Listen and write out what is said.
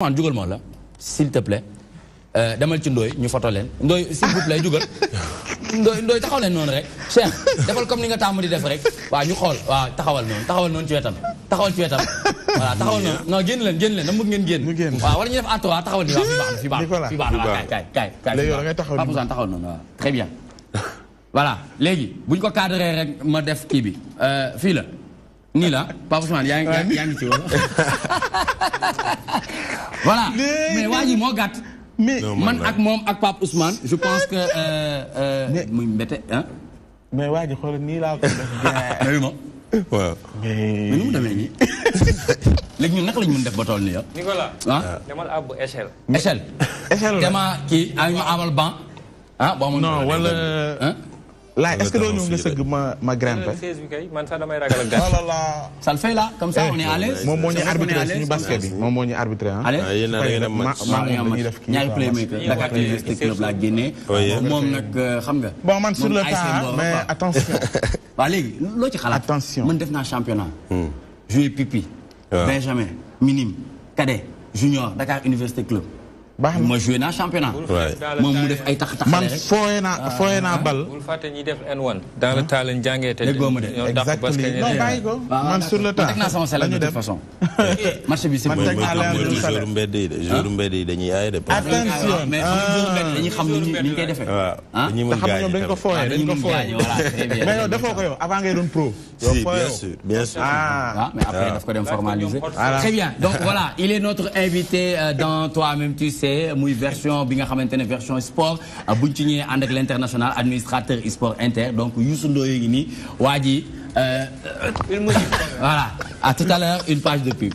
man jugal ma la s'il te plaît euh, demal ci ndooy ñu foto leen ndooy s'il vous plaît jugal ndooy ndooy taxaw leen noonu rek Cheikh defal comme ni nga tàmm di def rek waaw ñu xool waaw taxawal noonu taxawal noonu ci wetam taxawal ci wetam voilà taxawal noonu non génn leen génn leen dama bëgg ngeen génn waaw wala ñu def à trois taxawal ni waaw fi baax na fi baax na kaay kaay kaay kaay Pape Ousmane taxawal noonu waaw très bien voilà léegi buñ ko cadré rek ma def kii bi euh, fii la nii la Pape yaa ngi ci wala. voilà mais waa moo gàtt. man ak moom ak Pape Ousmane. je pense que. Euh, euh, muy mbete ah. mais waa ji xool nii mu demee nii. léegi ñun naka la ñu mën def ba tool nii yow. Ah? Nicolas. ah demal àbb échelle. échelle. échelle la ban. ah boo amoon. laay est-ce que doo ñëw nga sëgg ma ma grimpé. Oh comme ça on est à l'aise. moom moo ñu arbitré moom moo ñu arbitré a ngi ma maa ngi def kii ñaari playmaker Université Club laa génnee. moom nag euh, xam nga. bon man sur le temps mais attention. waaw léegi loo ci xalaat. attention man def naa championnat. Hmm. joué pipi. Benjamin minime cadet junior Dakar Université Club. baax na ma joué naa championnat. moom mu def ay tax tax man fooyee na ah. fooyee na bal. bul faté ñi def N1. dans le ah. talent jangé té te. déggoo ma de exactement non bàyyi ko bah, man sur le temps teg naa sama salaire de toute façon. marché bi c'est bon. man teg naa leer du salaire mooy de jour mbedd hein? dañuy aay de. attention mais jour mbedd dañuy xam ni ñu koy ah. défé waaw ñi mën gaañ xam dañ ko fooyee dañ ko fooyee. mais yow defoo ko yow avant ngay done pro. yow bien sûr bien sûr. ah mais après daf ko dem formaliser. très bien donc voilà il est notre invité euh, dans toi même tu sais et une version bi nga version sport ah, buñ ci administrateur sport inter donc Youssou Ndoye ngi euh, euh, voilà à tout à l'heure une page de pub.